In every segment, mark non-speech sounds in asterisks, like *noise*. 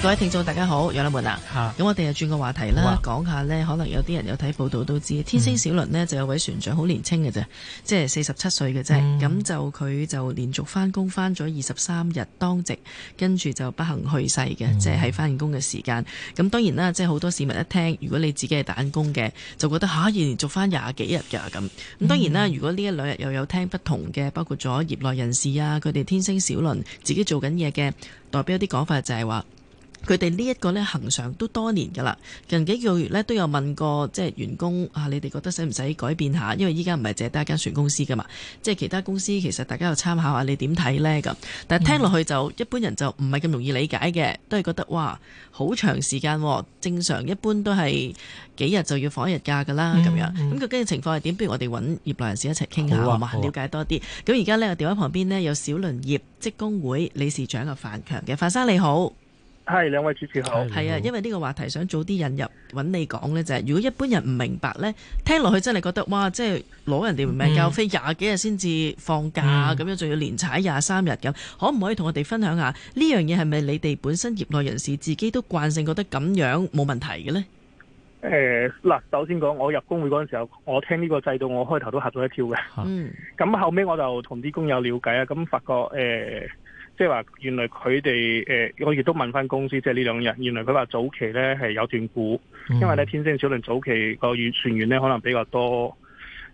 各位聽眾，大家好，楊立門啊，咁我哋又轉個話題啦，講哇下呢，可能有啲人有睇報道都知道，天星小輪呢、嗯、就有位船長好年輕嘅，啫，即係四十七歲嘅啫。咁、嗯、就佢就連續返工返咗二十三日當值，跟住就不幸去世嘅，即係喺返工嘅時間。咁當然啦，即係好多市民一聽，如果你自己係打工嘅，就覺得吓、啊、要連續返廿幾日噶咁。咁當然啦，如果呢一兩日又有聽不同嘅，包括咗業內人士啊，佢哋天星小輪自己做緊嘢嘅，代表一啲講法就係話。佢哋呢一個呢，恆常都多年噶啦。近幾個月呢，都有問過即係員工啊，你哋覺得使唔使改變下？因為依家唔係淨係得一間船公司噶嘛，即係其他公司其實大家又參考下，你點睇呢？咁？但係聽落去就，嗯、一般人就唔係咁容易理解嘅，都係覺得哇，好長時間喎。正常一般都係幾日就要放一日假噶啦，咁、嗯嗯、樣咁究竟嘅情況係點？不如我哋揾業內人士一齊傾下，或，啊啊、了解多啲。咁而家呢，我電話旁邊呢，有小輪業職工會理事長嘅范強嘅范生，你好。係，兩位主持好，係啊，因為呢個話題想早啲引入，揾你講呢。就係、是，如果一般人唔明白呢，聽落去真係覺得哇，即係攞人哋名交費廿幾日先至放假，咁樣仲要連踩廿三日咁，可唔可以同我哋分享下呢樣嘢，係咪你哋本身業內人士自己都慣性覺得咁樣冇問題嘅呢？誒、呃，嗱，首先講我入工會嗰陣時候，我聽呢個制度，我開頭都吓咗一跳嘅。咁、嗯、後尾我就同啲工友了解啊，咁發覺誒。呃即係話，原來佢哋誒，我亦都問返公司，即係呢兩日，原來佢話早期咧係有段古，因為咧天星小輪早期個船員咧可能比較多誒、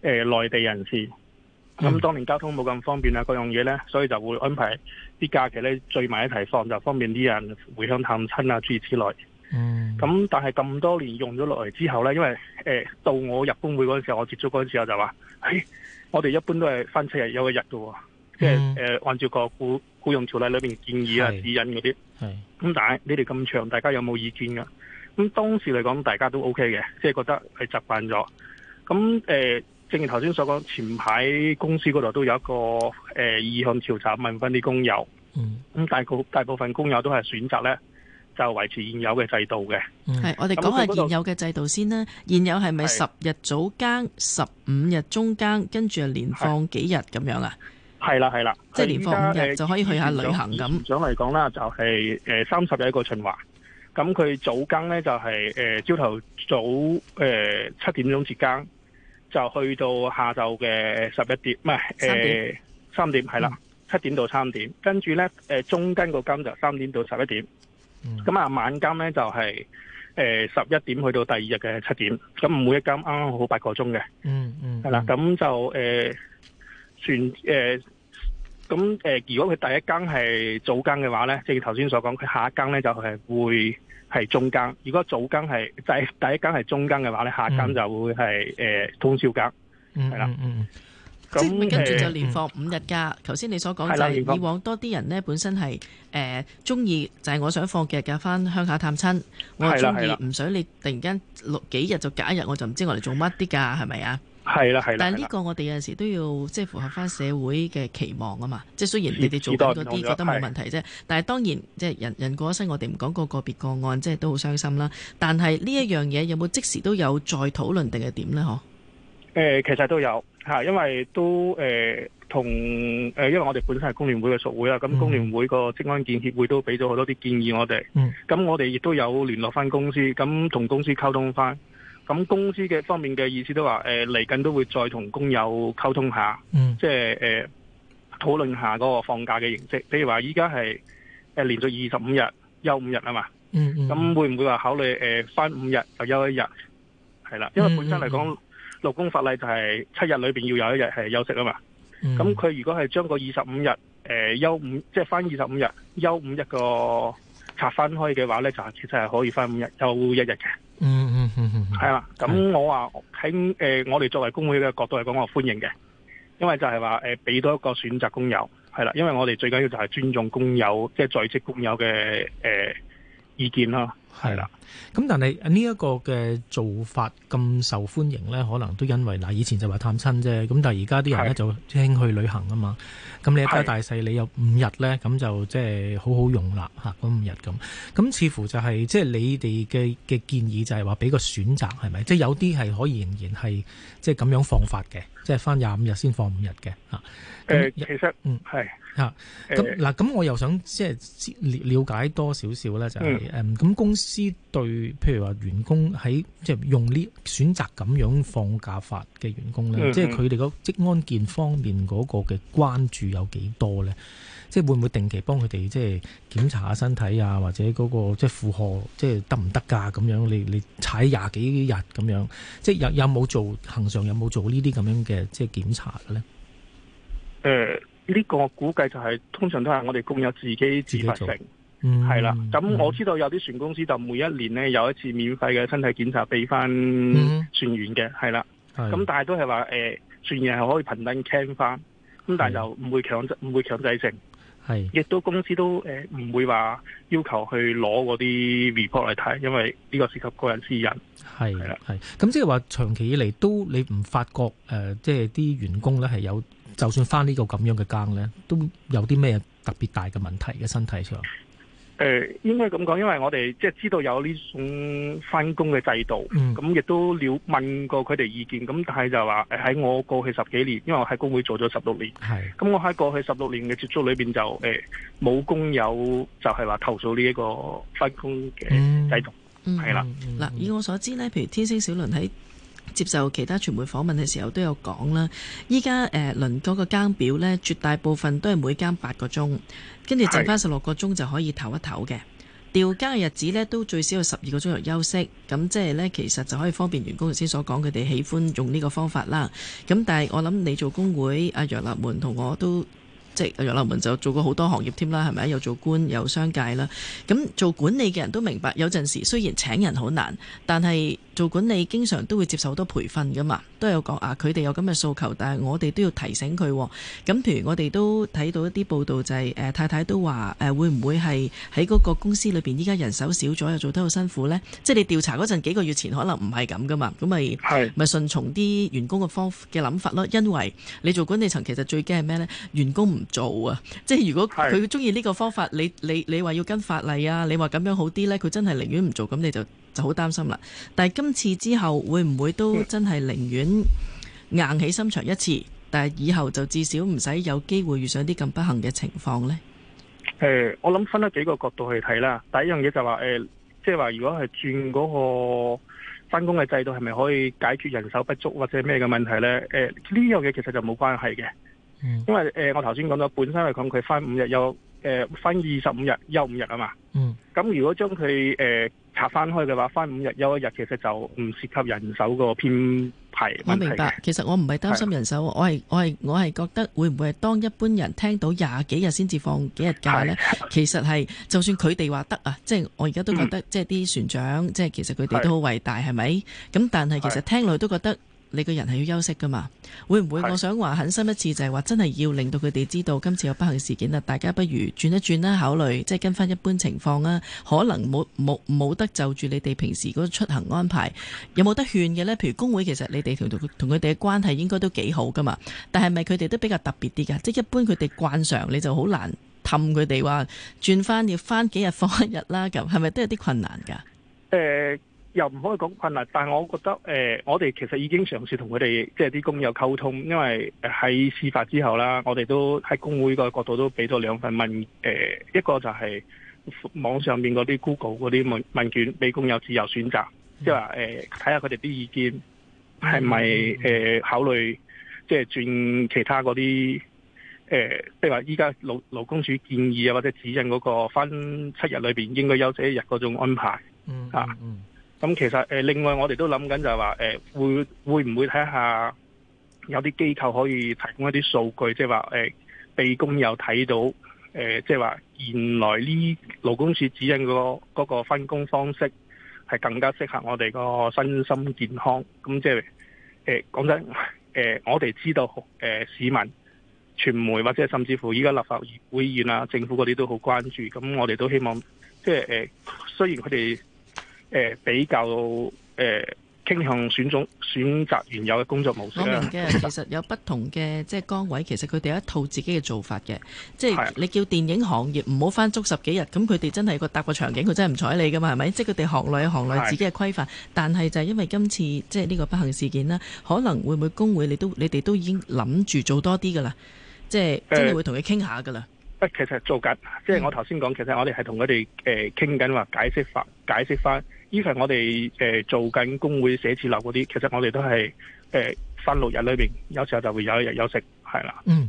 呃、內地人士，咁當年交通冇咁方便啊，嗰樣嘢咧，所以就會安排啲假期咧聚埋一齊放，就方便啲人回鄉探親啊，諸如此類。嗯，咁、嗯、但係咁多年用咗落嚟之後咧，因為誒、呃、到我入工會嗰陣時候，我接觸嗰陣時候就話，誒、哎、我哋一般都係返七日休一日噶。即係誒，按照個僱僱傭條例裏邊建議啊，指引嗰啲。係咁、嗯，但係你哋咁長，大家有冇意見噶？咁當時嚟講，大家都 O K 嘅，即係覺得係習慣咗。咁誒，正如頭先所講，前排公司嗰度都有一個誒意向調查，問翻啲工友。嗯。咁，大部大部分工友都係選擇咧，就維持現有嘅制度嘅。係我哋講下現有嘅制度先啦。現有係咪十日早更，十五日中更，跟住啊連放幾日咁樣啊？係啦，係啦，是即係連放嘅就可以去一下旅行咁。咁嚟講啦，講就係誒三十日一個循環。咁佢早更咧就係誒朝頭早誒七、呃、點鐘接更，就去到下晝嘅十一點，唔係誒三點係啦，七點,、嗯、點到三點。跟住咧誒中更個更就三點到十一點。咁啊、嗯、晚更咧就係誒十一點去到第二日嘅七點。咁每一更啱啱好八個鐘嘅、嗯。嗯嗯，係啦。咁就誒誒。呃咁誒，如果佢第一更係早更嘅話咧，即係頭先所講，佢下一更咧就係會係中更。如果早更係第第一更係中更嘅話咧，下一更就會係誒通宵更，係啦。咁跟住就連放五日假。頭先你所講就係以往多啲人咧，本身係誒中意就係我想放幾日假，翻鄉下探親。我中意唔想你突然間六幾日就隔一日，我就唔知我哋做乜啲㗎，係咪啊？係啦，係啦。但係呢個我哋有陣時都要即係符合翻社會嘅期望啊嘛，即係雖然你哋做緊嗰啲覺得冇問題啫，但係當然即係人人過咗身，我哋唔講個個別個案，即係都好傷心啦。但係呢一樣嘢有冇即時都有再討論定係點呢？嗬？誒，其實都有吓，因為都誒同誒，因為我哋本身係工聯會嘅屬會啦，咁、嗯、工聯會個職安健協會都俾咗好多啲建議我哋。咁、嗯、我哋亦都有聯絡翻公司，咁同公司溝通翻。咁公司嘅方面嘅意思都話，誒嚟緊都會再同工友溝通下，即係誒討論下嗰個放假嘅形式。譬如話依家係誒連續二十五日休五日啊嘛，咁、嗯嗯、會唔會話考慮誒、呃、翻五日就休一日？係啦，因為本身嚟講、嗯嗯、勞工法例就係七日裏邊要有一日係休息啊嘛。咁佢、嗯、如果係將個二十五日誒、呃、休五，即係翻二十五日休五日個拆分開嘅話咧，就其實係可以翻五日休一日嘅。嗯，係啦， *laughs* 咁我話喺誒，我哋作為工會嘅角度嚟講，我歡迎嘅，因為就係話誒，俾多一個選擇工友，係啦，因為我哋最緊要就係尊重工友，即係在職工友嘅誒意見啦。係啦，咁但係呢一個嘅做法咁受歡迎呢，可能都因為嗱，以前就話探親啫，咁但係而家啲人呢，係，就興去旅行啊嘛。咁你一家大細，你有五日呢，咁就即係好好用啦吓，嗰五日咁。咁似乎就係即係你哋嘅嘅建議就係話俾個選擇，係咪？即係有啲係可以仍然係即係咁樣放法嘅，即係返廿五日先放五日嘅吓。誒，呃，其實嗯係。咁嗱，咁、嗯、我又想即係了解多少少咧，就係、是、誒、咁、嗯嗯、公司對譬如話員工喺即係用呢選擇咁樣放假法嘅員工咧，嗯嗯即係佢哋個職安健方面嗰個嘅關注有幾多咧？即係會唔會定期幫佢哋即係檢查下身體啊，或者嗰、那個即係負荷即係得唔得噶？咁樣你你踩廿幾日咁樣，即係有有冇做恆常有冇做這些這呢啲咁樣嘅即係檢查咧？誒、嗯。呢個我估計就係、是、通常都係我哋工友自己自發性，係啦。咁、嗯、我知道有啲船公司就每一年呢有一次免費嘅身體檢查俾翻船員嘅，係啦。咁但係都係話誒，船員係可以平等 claim 翻，咁的但係就唔會強唔的會強制性，係亦的都公司都誒唔、呃、會話要求去攞嗰啲 report 嚟睇，因為呢個涉及個人私隱，係係啦。咁即係話長期以嚟都你唔發覺誒，即係啲員工咧係有。就算翻呢個咁樣嘅更呢，都有啲咩特別大嘅問題喺身體上？誒、呃，應該咁講，因為我哋即係知道有呢種翻工嘅制度，咁亦、嗯、都了問過佢哋意見，咁但係就話喺我過去十幾年，因為我喺工會做咗十六年，係的，咁我喺過去十六年嘅接觸裏邊就誒冇、呃、工友就係話投訴呢一個翻工嘅制度，係啦，嗱，以我所知呢，譬如天星小輪喺。接受其他傳媒訪問嘅時候都有講啦，依家誒輪嗰個更表呢，絕大部分都係每更八個鐘，跟住剩翻十六個鐘就可以唞一唞嘅。調更嘅日子呢，都最少有十二個鐘頭休息，咁即係呢，其實就可以方便員工。頭先所講佢哋喜歡用呢個方法啦。咁但係我諗你做工會阿、啊、楊立門同我都。即係楊立門就做過好多行業添啦，係咪有做官，有商界啦。咁做管理嘅人都明白，有陣時雖然請人好難，但係做管理經常都會接受好多培訓噶嘛。都有講啊，佢哋有咁嘅訴求，但係我哋都要提醒佢。咁譬如我哋都睇到一啲報道就係、是，誒、呃、太太都話，誒、呃、會唔會係喺嗰個公司裏邊依家人手少咗又做得好辛苦咧？即係你調查嗰陣幾個月前可能唔係咁噶嘛，咁咪咪順從啲員工嘅方嘅諗法咯。因為你做管理層其實最驚係咩咧？員工唔做啊！即係如果佢中意呢個方法，是你你你話要跟法例啊，你話咁樣好啲呢，佢真係寧願唔做，咁你就就好擔心啦。但係今次之後會唔會都真係寧願硬起心腸一次，嗯、但係以後就至少唔使有機會遇上啲咁不幸嘅情況呢？誒，我諗分咗幾個角度去睇啦。第一樣嘢就話、是、誒，即係話如果係轉嗰個返工嘅制度，係咪可以解決人手不足或者咩嘅問題呢？誒、呃，呢樣嘢其實就冇關係嘅。嗯、因為誒、呃，我頭先講咗本身嚟講，佢翻五日休，誒翻二十五日休五日啊嘛。嗯。咁如果將佢誒拆翻開嘅話，翻五日休一日，其實就唔涉及人手個編排問題。我明白，其實我唔係擔心人手，是我係我係我係覺得會唔會係當一般人聽到廿幾日先至放幾日假呢？是其實係就算佢哋話得啊，即係我而家都覺得，嗯、即係啲船長，即係其實佢哋都好偉大，係咪是？咁但係其實聽落去都覺得。你個人係要休息噶嘛？會唔會？是我想話狠心一次，就係話真係要令到佢哋知道今次有不幸事件啦。大家不如轉一轉啦，考慮即係跟翻一般情況啦。可能冇冇冇得就住你哋平時嗰出行安排，有冇得勸嘅呢？譬如工會，其實你哋同同佢哋嘅關係應該都幾好噶嘛。但係咪佢哋都比較特別啲噶？即係一般佢哋慣常，你就好難氹佢哋話轉翻要翻幾日放一日啦。咁係咪都有啲困難噶？誒。呃又唔可以講困難，但係我覺得誒、呃，我哋其實已經嘗試同佢哋即係啲工友溝通，因為喺事發之後啦，我哋都喺工會個角度都俾咗兩份問誒、呃，一個就係網上面嗰啲 Google 嗰啲問問卷，俾工友自由選擇，即係話睇下佢哋啲意見係咪、呃、考慮即係、就是、轉其他嗰啲誒，即係話依家勞勞工署建議啊或者指引嗰、嗰個翻七日裏面應該休息一日嗰種安排，嗯嗯。嗯嗯咁其實誒，另外我哋都諗緊就係話誒，會會唔會睇下有啲機構可以提供一啲數據，即係話誒，俾工友睇到誒，即係話原來呢勞工處指引個嗰個分工方式係更加適合我哋個身心健康。咁即係誒，講真誒，我哋知道誒市民、傳媒或者甚至乎依家立法會議員啊、政府嗰啲都好關注。咁我哋都希望即係誒，雖然佢哋。誒、呃，比較誒傾、呃、向選中選擇原有嘅工作模式。我明嘅， *laughs* 其實有不同嘅即係崗位，其實佢哋有一套自己嘅做法嘅。即係你叫電影行業唔好返足十幾日，咁佢哋真係個搭個場景，佢真係唔睬你噶嘛，係咪？即係佢哋行內嘅行內自己嘅規範。是的 但係就係因為今次即係呢個不幸事件啦，可能會唔會工會你都你哋都已經諗住做多啲噶啦？即係真係會同佢傾下噶啦。呃不，其實做緊，即係我頭先講，其實我哋係同佢哋誒傾緊話解釋返，解釋翻。依份我哋、呃、做緊工會寫字樓嗰啲，其實我哋都係誒返六日裏邊，有時候就會有一日休息，係啦。嗯。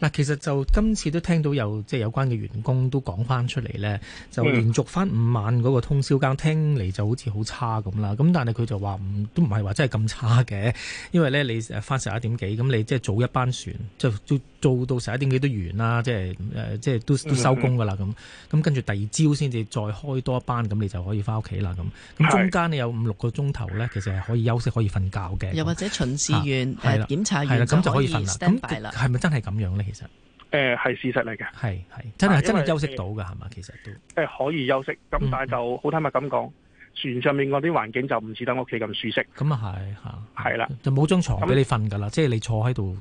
嗱，其實就今次都聽到有即係有關嘅員工都講翻出嚟咧，就連續翻五晚嗰個通宵更，聽嚟就好似好差咁啦。咁但係佢就話唔、嗯、都唔係話真係咁差嘅，因為咧你翻十一點幾，咁你即係早一班船，就做做到十一點幾都完啦，即係、呃、即係都都收工㗎啦咁。咁跟住第二朝先至再開多一班，咁你就可以翻屋企啦咁。咁中間你有五六個鐘頭咧，其實係可以休息可以瞓覺嘅。又或者巡視員，檢、啊、檢查員咁就可以瞓㗎啦。係咪 stand by 真係咁樣咧？其實誒係事實嚟嘅，係係真係真係休息到嘅係嘛？其實都誒可以休息，咁但係就好坦白咁講，船上面嗰啲環境就唔似得屋企咁舒適。咁啊係吓，係啦，就冇張床俾你瞓噶啦，即係你坐喺度，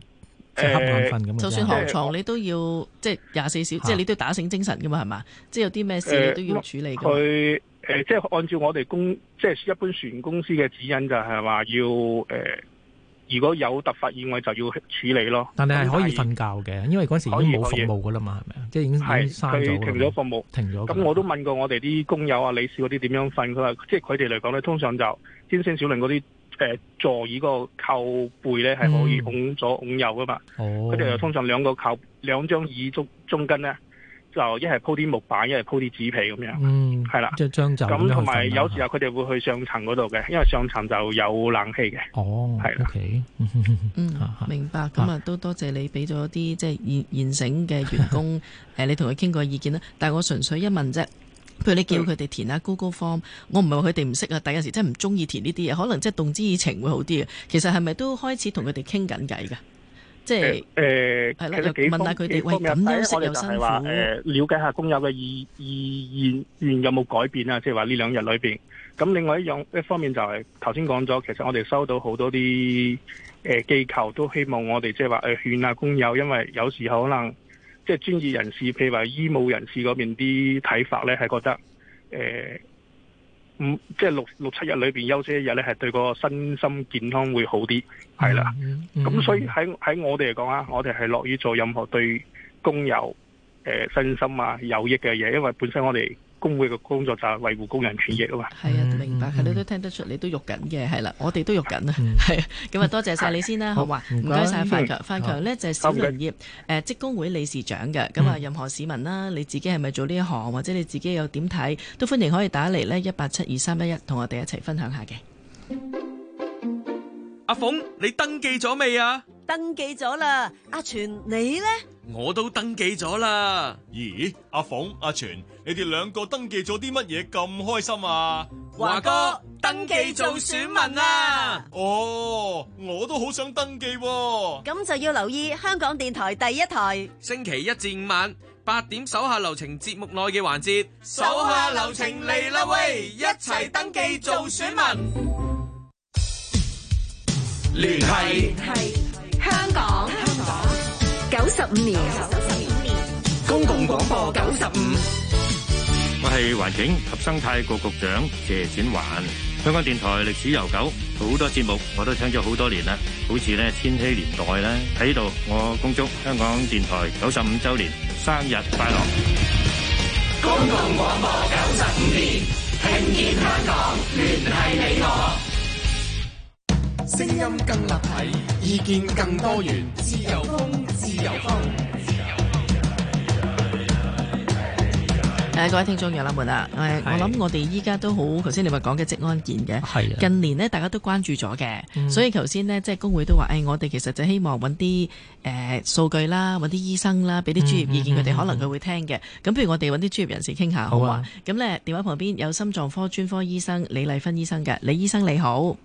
即係瞌眼瞓咁嘅。就算行床，你都要即係廿四小，即係你都要打醒精神噶嘛？係嘛？即係有啲咩事你都要處理。佢誒，即係按照我哋公即係一般船公司嘅指引，就係話要誒。如果有突發意外就要處理咯。但係係可以瞓覺嘅，是因為嗰時候已經冇服務㗎啦嘛，係咪啊？即係是已經閂咗。係佢停咗服務，停咗。咁我都問過我哋啲工友啊、理事嗰啲點樣瞓，佢話即係佢哋嚟講咧，通常就天星小輪嗰啲誒座椅個靠背咧係可以拱、嗯、左拱右㗎嘛。哦，佢哋又通常兩個靠、哦、兩張椅中中間咧。就是鋪一係鋪啲木板，是鋪一係鋪啲紙皮咁、嗯、的樣有，係啦，即係將就咁。同埋有時候佢哋會去上層嗰度嘅，因為上層就有冷氣嘅。哦，係的 OK， *laughs* 嗯，明白。咁啊，都多謝你俾咗啲即係現現成嘅員工、 *laughs* 呃、你同佢傾過意見啦。但係我純粹一問啫。譬如你叫佢哋填下 Google Form，我唔係話佢哋唔識啊，但有時真係唔中意填呢啲嘢，可能即係動之以情會好啲嘅。其實係咪都開始同佢哋傾緊偈㗎？即係誒，即係呃、問下佢哋為緊休息又辛苦。瞭、呃、解下工友嘅意意願願有冇改變啊？即係話呢兩日裏邊。咁另外一樣一方面就係頭先講咗，其實我哋收到好多啲誒機構都希望我哋即係話誒勸下工友，因為有時候可能即係、即係、專業人士，譬如話醫務人士嗰邊啲睇法咧，係覺得誒。呃五即係六六七日裏邊休息一日咧，係對個身心健康會好啲，係啦。咁、mm hmm. mm hmm. 所以喺喺我哋嚟講啊，我哋係樂於做任何對工友誒身心啊有益嘅嘢，因為本身我哋。工會嘅工作就係維護工人權益啊嘛，係啊，明白，佢哋、嗯、都聽得出你、嗯、都喐緊嘅，係啦、啊，我哋都喐緊、嗯、啊，係，咁啊，多謝晒你先啦， *laughs* 好啊，唔該晒。范強，范強呢就係小輪業誒，職、呃、工會理事長嘅，咁啊、嗯，任何市民啦、啊，你自己係咪做呢一行，或者你自己有點睇，都歡迎可以打嚟呢，一八七二三一一，同我哋一齊分享下嘅。阿馮，你登記咗未啊？登記咗啦，阿全你呢？我都登記咗啦。咦，阿鳳、阿全，你哋兩個登記咗啲乜嘢咁開心啊？華哥，登記做選民啦！哦，我都好想登記喎。咁就要留意香港電台第一台，星期一至五晚八點，手下留情節目內嘅環節，手下留情嚟啦喂，一齊登記做選民，聯繫聯繫。香港九十五年，公共廣播九十五，我係環境及生態局局長謝展寰。香港電台歷史悠久，好多節目我都聽咗好多年啦，好似咧千禧年代咧。喺呢度我恭祝香港電台九十五周年生日快樂！公共廣播九十五年，聽見香港，聯繫你我。聲音更立體，意見更多元，自由風，自由風，自由風。誒，各位聽眾、玉蘭們啊，誒，我諗我哋依家都好，頭先你咪講嘅職安健嘅，係近年呢，大家都關注咗嘅，嗯、所以頭先呢，即係工會都話，誒、哎，我哋其實就希望搵啲誒數據啦，搵啲醫生啦，俾啲專業意見，佢哋、嗯嗯、可能佢會聽嘅。咁、嗯，不如我哋搵啲專業人士傾下好啊。咁咧、啊，電話旁邊有心臟科專科醫生李麗芬醫生嘅，李醫生你好。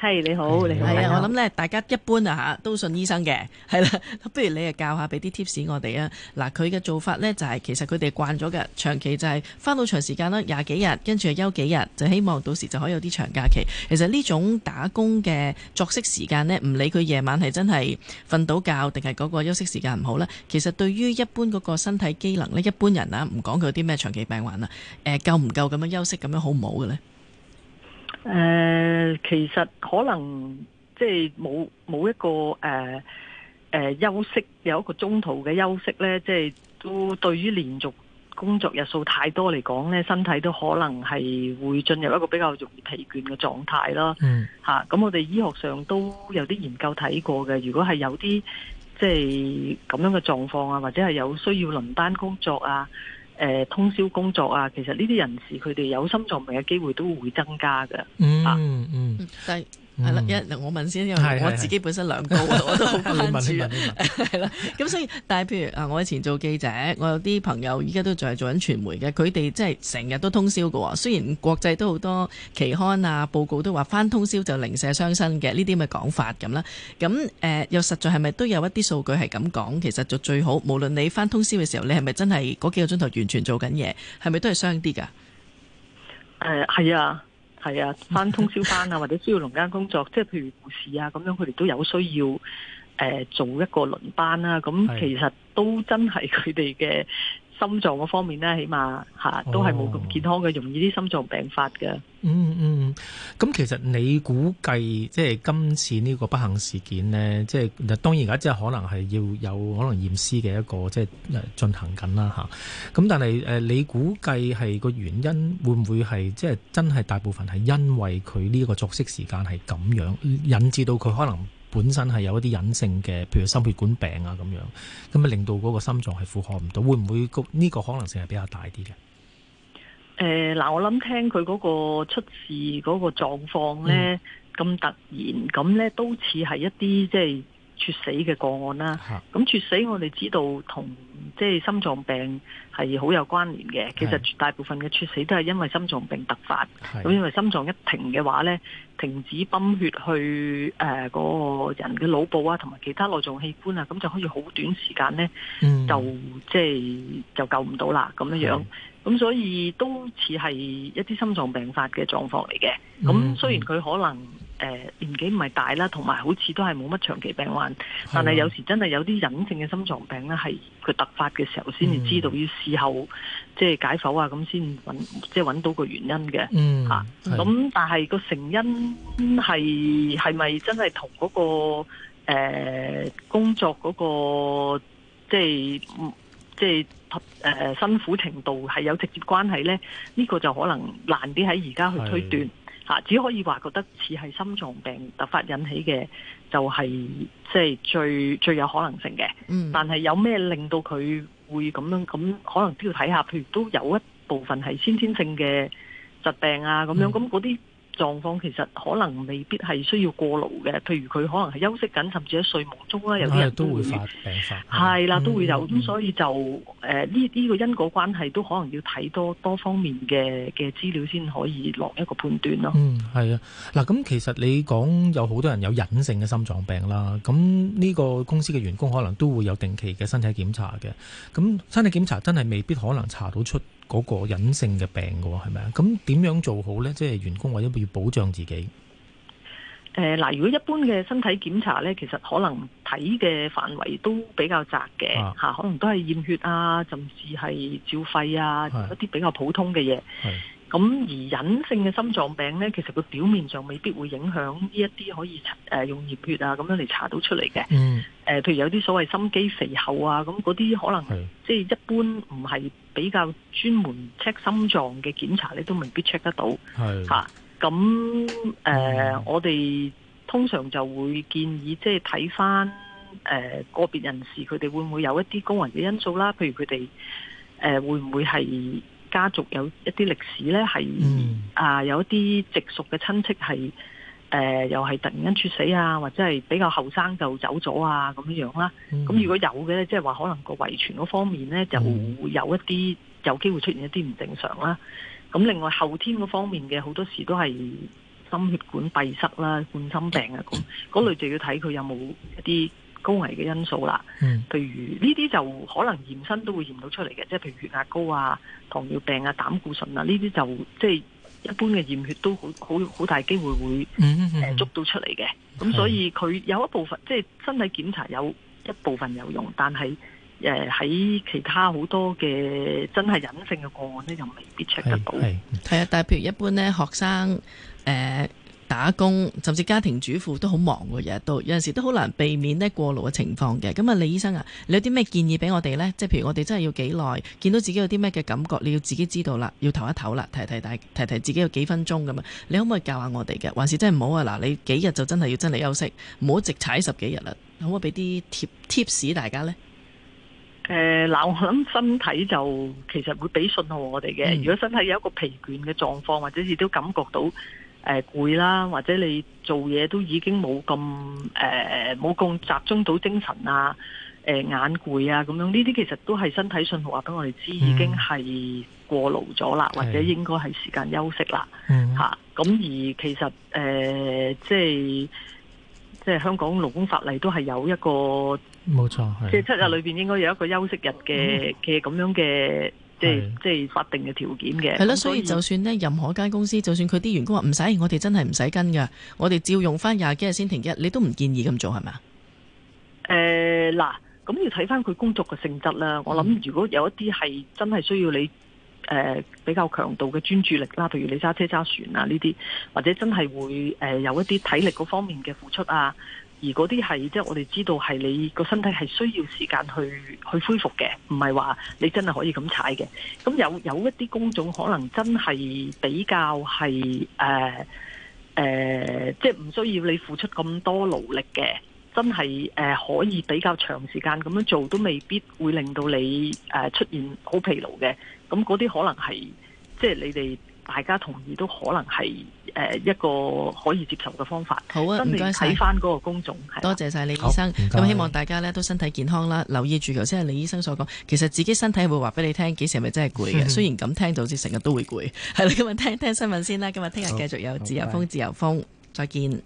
係、hey, 你好，你好。係啊的，好我諗咧，大家一般啊吓都信醫生嘅，係啦。不如你啊教下俾啲 tips 我哋啊。嗱，佢嘅做法咧就係、是，其實佢哋慣咗嘅，長期就係翻到長時間啦，廿幾日，跟住又休幾日，就希望到時就可以有啲長假期。其實呢種打工嘅作息時間咧，唔理佢夜晚係真係瞓到覺定係嗰個休息時間唔好啦。其實對於一般嗰個身體機能咧，一般人啊，唔講佢啲咩長期病患啦，誒，夠唔夠咁樣休息，咁樣好唔好嘅咧？誒、呃，其實可能即係冇冇一個誒誒、呃呃、休息，有一個中途嘅休息呢，即係都對於連續工作日數太多嚟講呢，身體都可能係會進入一個比較容易疲倦嘅狀態啦。嗯、mm. 啊，吓，咁我哋醫學上都有啲研究睇過嘅。如果係有啲即係咁樣嘅狀況啊，或者係有需要輪班工作啊。誒通宵工作啊，其實呢啲人士佢哋有心臟病嘅機會都會增加嘅，嗯嗯，係啦，一、嗯、我先問先，因為我自己本身兩高，我都好關注。係啦，咁 *laughs* *laughs* 所以，但係譬如啊，我以前做記者，我有啲朋友而家都仲係做緊傳媒嘅，佢哋即係成日都通宵㗎喎。雖然國際都好多期刊啊報告都話返通宵就零舍傷身嘅，呢啲咪講法咁啦。咁誒、呃、又實在係咪都有一啲數據係咁講？其實就最好，無論你返通宵嘅時候，你係咪真係嗰幾個鐘頭完全做緊嘢，係咪都係傷啲㗎？誒係啊。係 *laughs* 啊，翻通宵班啊，或者需要農間工作，即係譬如護士啊咁樣，佢哋都有需要誒、呃、做一個輪班啦、啊。咁其實都真係佢哋嘅。心臟嗰方面咧，起碼嚇都係冇咁健康嘅，哦、容易啲心臟病發嘅、嗯。嗯嗯，咁其實你估計即係、就是、今次呢個不幸事件呢，即、就、係、是、當然而家即係可能係要有可能驗屍嘅一個即係、就是、進行緊啦嚇。咁但係誒，你估計係個原因會唔會係即係真係大部分係因為佢呢個作息時間係咁樣引致到佢可能？本身係有一啲隱性嘅，譬如心血管病啊，咁樣，咁咪令到嗰個心臟係負荷唔到，會唔會呢個可能性係比較大啲嘅？誒，嗱，我諗聽佢嗰個出事嗰個狀況咧，咁、嗯、突然，咁咧都似係一啲即係，就是猝死嘅個案啦，咁猝死我哋知道同即係心臟病係好有關聯嘅。其實絕大部分嘅猝死都係因為心臟病突發，咁是的 因為心臟一停嘅話呢，停止泵血去誒嗰、呃那個人嘅腦部啊，同埋其他內臟器官啊，咁就可以好短時間呢，就、嗯、就即係就救唔到啦，咁樣樣。咁是的 所以都似係一啲心臟病發嘅狀況嚟嘅。咁雖然佢可能。誒、呃、年紀唔係大啦，同埋好似都係冇乜長期病患，啊嗯、但係有時真係有啲隱性嘅心臟病咧，係佢突發嘅時候先至知道，要事後、嗯、即係解剖啊，咁先即係揾到個原因嘅嚇。咁但係個成因係係咪真係同嗰個、呃、工作嗰、嗰個即係即係誒、呃、辛苦程度係有直接關係咧？呢、呢個就可能難啲喺而家去推斷。嗱，只可以話覺得似係心臟病突發引起嘅，就係，就係即係最最有可能性嘅。嗯，但係有咩令到佢會咁樣？咁可能都要睇下，譬如都有一部分係先天性嘅疾病啊，咁樣。咁啲。狀況其實可能未必係需要過勞嘅，譬如佢可能係休息緊，甚至喺睡夢中啦，有啲人都會發病發，係啦，都會有咁，嗯、所以就誒呢呢個因果關係都可能要睇多多方面嘅嘅資料先可以落一個判斷咯。嗯，係啊，嗱，咁其實你講有好多人有隱性嘅心臟病啦，咁呢個公司嘅員工可能都會有定期嘅身體檢查嘅，咁身體檢查真係未必可能查到出。嗰個隱性嘅病嘅喎，係咪啊？咁點樣做好呢？即係員工為咗要保障自己，呃、嗱，如果一般嘅身體檢查呢，其實可能睇嘅範圍都比較窄嘅、啊、可能都係驗血啊，甚至係照肺啊是一啲比較普通嘅嘢。咁而隱性嘅心臟病咧，其實佢表面上未必會影響呢一啲可以、呃、用驗血啊咁樣嚟查到出嚟嘅。嗯。誒、呃，譬如有啲所謂心肌肥厚啊，咁嗰啲可能是即係一般唔係比較專門 check 心臟嘅檢查咧，都未必 check 得到。咁誒是，啊呃嗯、我哋通常就會建議即係睇翻誒個別人士佢哋會唔會有一啲高危嘅因素啦，譬如佢哋誒會唔會係？家族有一啲歷史呢，係、嗯、啊，有一啲直屬嘅親戚係誒、呃，又係突然間猝死啊，或者係比較後生就走咗啊，咁樣啦。咁、嗯、如果有嘅咧，即係話可能個遺傳嗰方面呢，就有一啲有機會出現一啲唔正常啦。咁另外後天嗰方面嘅好多時都係心血管閉塞啦、冠心病啊嗰嗰類就要睇佢有冇一啲。高危嘅因素啦，嗯，譬如呢啲就可能驗身都會驗到出嚟嘅，即係譬如血壓高啊、糖尿病啊、膽固醇啊呢啲就即係、就是、一般嘅驗血都好好好大機會會誒、嗯嗯嗯、捉到出嚟嘅，咁所以佢有一部分即係、就是、身體檢查有一部分有用，但係誒喺其他好多嘅真係隱性嘅個案咧，就未必 check 得到。係啊，但係譬如一般咧學生誒。呃打工甚至家庭主婦都好忙嘅，日日都有時都好難避免咧過勞嘅情況嘅。咁啊，李醫生啊，你有啲咩建議俾我哋呢？即係譬如我哋真係要幾耐見到自己有啲咩嘅感覺，你要自己知道啦，要唞一唞啦，提提大提提，提提自己有幾分鐘咁啊？你可唔可以教下我哋嘅？還是真係唔好啊？嗱，你幾日就真係要真係休息，唔好直踩十幾日啦。可唔可以俾啲貼 t i 大家呢？誒嗱、呃，我諗身體就其實會俾信號我哋嘅。嗯、如果身體有一個疲倦嘅狀況，或者係都感覺到。誒，攰啦，呃，或者你做嘢都已經冇咁誒，冇，呃，咁集中到精神啊，誒，呃，眼攰啊，咁樣呢啲其實都係身體信號，話俾我哋知已經係過勞咗啦，嗯，或者應該係時間休息啦，吓，嗯，咁，啊、而其實誒，呃，即係即係香港勞工法例都係有一個冇錯，即係七日裏邊應該有一個休息日嘅嘅咁樣嘅。即係即係法定嘅條件嘅，係咯的。所以，所以就算咧，任何間公司，就算佢啲員工話唔使，我哋真係唔使跟嘅，我哋照用翻廿幾日先停嘅，你都唔建議咁做係咪啊？誒嗱，咁、呃、要睇翻佢工作嘅性質啦。嗯、我諗如果有一啲係真係需要你誒、呃、比較強度嘅專注力啦，譬如你揸車揸船啊呢啲，或者真係會誒有一啲體力嗰方面嘅付出啊。而嗰啲係即係我哋知道係你個身體係需要時間去去恢復嘅，唔係話你真係可以咁踩嘅。咁有有一啲工種可能真係比較係誒誒，即係唔需要你付出咁多勞力嘅，真係誒可以比較長時間咁樣做都未必會令到你誒、呃、出現好疲勞嘅。咁嗰啲可能係即係你哋。大家同意都可能係誒一個可以接受嘅方法。好啊，唔該。睇翻嗰個公眾。多謝晒吧李醫生。咁希望大家呢都身體健康啦，留意住頭先係李醫生所講，其實自己身體會話俾你 *laughs* 聽，幾時係咪真係攰嘅？雖然咁聽到好似成日都會攰。係啦，今日聽聽新聞先啦。今日聽日繼續有自由風，自由風，再見。